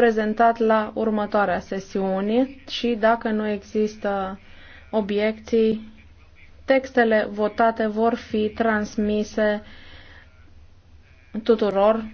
prezentat la următoarea sesiune și dacă nu există obiecții, textele votate vor fi transmise tuturor